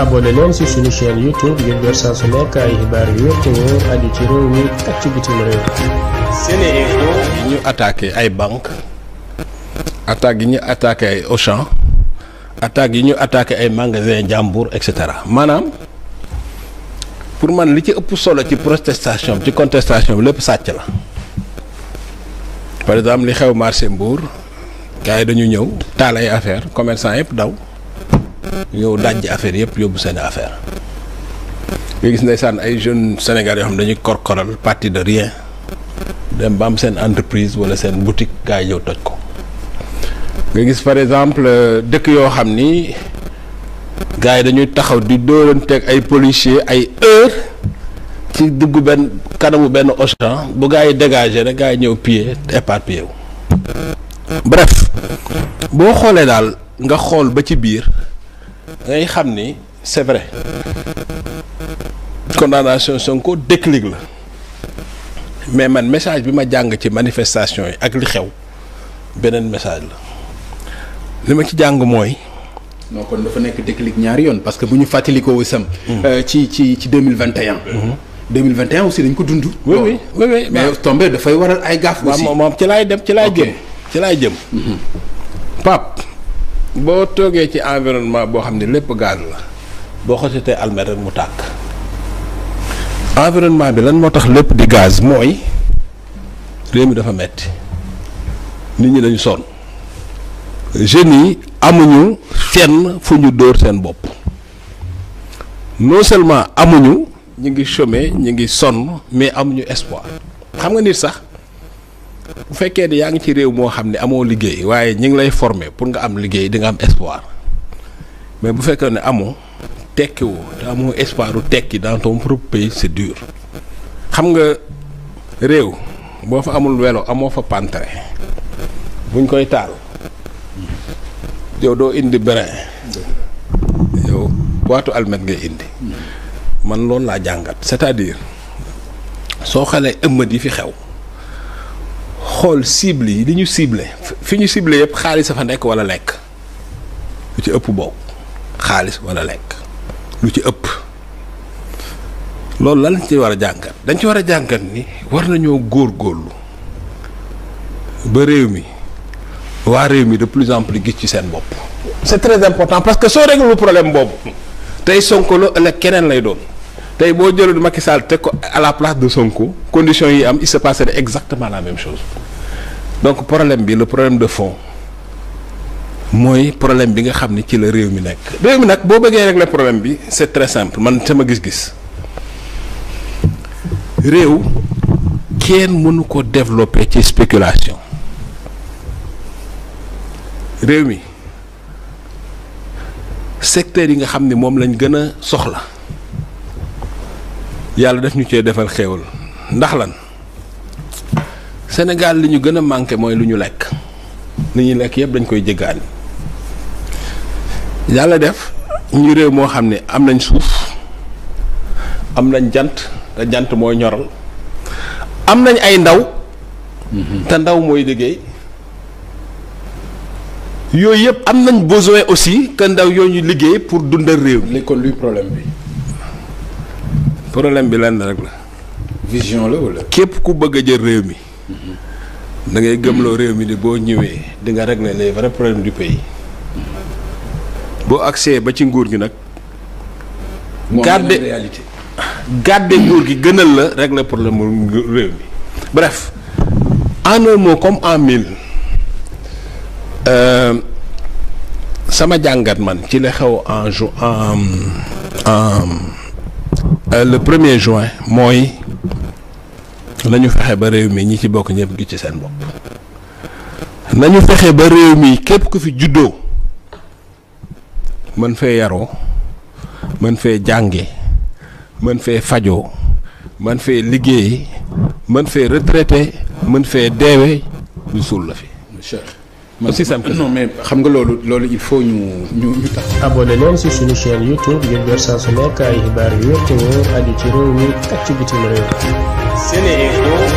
abonné leen ci suñu chaîne YouTube ngir jot saa su nekk ay yu wér te wóor aju ci réew mi ak ci bitim yi ñu attaqué ay banques attaques yi ñu attaqué ay Auchan attaques yi ñu attaqué ay magasins jàmbur et cetera maanaam pour man li ci ëpp solo ci protestation ci contestation bi lépp sàcc la par exemple li xew marché Mbour gars yi dañu ñëw taal ay affaire commerçant yëpp daw. ñëw dajji affaire yëpp yóbbu seen affaire nga gis ndeysaan ay jeunes Sénégal yoo xam dañuy korkoral parti de rien dem ba am seen entreprise wala seen boutique gars yi toj ko nga gis par exemple euh, dëkk yoo xam ni gars yi dañuy taxaw di dóoranteeg ay policiers ay heure ci diggu benn kanamu benn Auchan bu gars yi dégagé rek gars yi ñëw piller éparpillé wu bref boo xoolee daal nga xool ba ci biir dangay xam ni c'est vrai condamnation Sonko déclic la mais man message bi ma jàng ci manifestation yi ak li xew beneen message la li ma ci jàng mooy. non kon dafa nekk déclic ñaari yoon parce que bu ñu fàttalikoo sam mm-hmm. euh, ci ci ci deux mille vingt mm-hmm. mille un 2021 aussi dañ ko dund. oui oui oui oui mais tombé dafay waral ay gaaf. aussi waaw moom ci laay dem ci laay jëm. ci laay jëm. Mm-hmm. Pape. boo toogee ci environnement boo xam ne lépp gaz la boo xositee almet rek mu tàkk environnement bi lan moo tax lépp di gaz mooy réew mi dafa metti nit ñi dañu sonn jeunes yi amuñu fenn fu ñu dóor seen bopp non seulement amuñu ñu ngi chômer ñu ngi sonn mais amuñu espoir xam nga nit sax bu fekkee ne yaa ngi ci réew moo xam ne amoo liggéey waaye ñi ngi lay former pour nga am liggéey di nga am espoir mais bu fekkee ne amoo tekki woo te amoo espoir tekki dans ton propre pays c'est dur xam nga réew boo fa amul welo amoo fa pantre buñ koy taal yow doo indi brin yow boitu almet ngay indi man loolu laa jàngat c'est-à-dire soo xalee ëmmat yi fi xew xool cible yi li ñu ciblé fi ñu cible yëpp xaalis a fa nekk wala lekk lu ci ëpp boobu xaalis wala lekk lu ci ëpp loolu lan lañ ci war a jàngat dañ ci war a jàngat ni war góor góorlu ba réew mi waa réew mi de plus en gis ci seen bopp. c'est très important parce que soo réglé lu problème boobu tey Sonko la ëllëg keneen lay doon tey boo jëloon Macky Sall teg ko à la place de Sonko conditions yi am il se passerait exactement la même chose. donc problème bi la problème de fond mooy problème bi nga xam ni ci la réew mi nekk réew mi nag boo bëggee la problème bi c'est très simple man sama gis-gis réew kenn mënu ko développer ci spéculation réew mi secteur yi nga xam ni moom lañ gën a soxla yàlla daf ñu cee defal xéewal ndax lan Sénégal li ñu gën a manqué mooy lu ñu lekk li ñuy lekk yëpp dañ koy jéggaani yàlla def ñu réew moo xam ne am nañ suuf am nañ jant te jant mooy ñoral am nañ ay ndaw mhm. te ndaw mooy liggéey yooyu yëpp am nañ besoin aussi que ndaw yoo ñu liggéey pour dundal réew mi. kon luy problème bi. problème bi lenn rek la. vision la wala. képp ku bëgg jël réew mi. da ngay gëmloo réew mi ni boo ñëwee di nga régler les vrais problèmes du pays boo accès ba ci nguur gi nag. gàdde réalité gàdde nguur gi gënal la régler problème mu réew mi bref en un mot comme en mille euh, sama jàngat man ci la xew en ju en en euh, le premier juin mooy. nañu fexe ba réew mi ñi ci bokk ñëpp gi ci seen bopp nañu fexe ba réew mii képp ku fi juddoo mën fee yaroo mën fee jànge mën fee fajoo mën fee liggéey mën fee retraité mën fee deewe ñu suul la fi. aussi simple que non mais xam nga loolu loolu il faut ñu ñu ñu tax. abonné leen si suñu chaîne YouTube ngir jot saa su nekk ay xibaar yu wér te ci réew mi ak ci bitim réew. Sénéinfo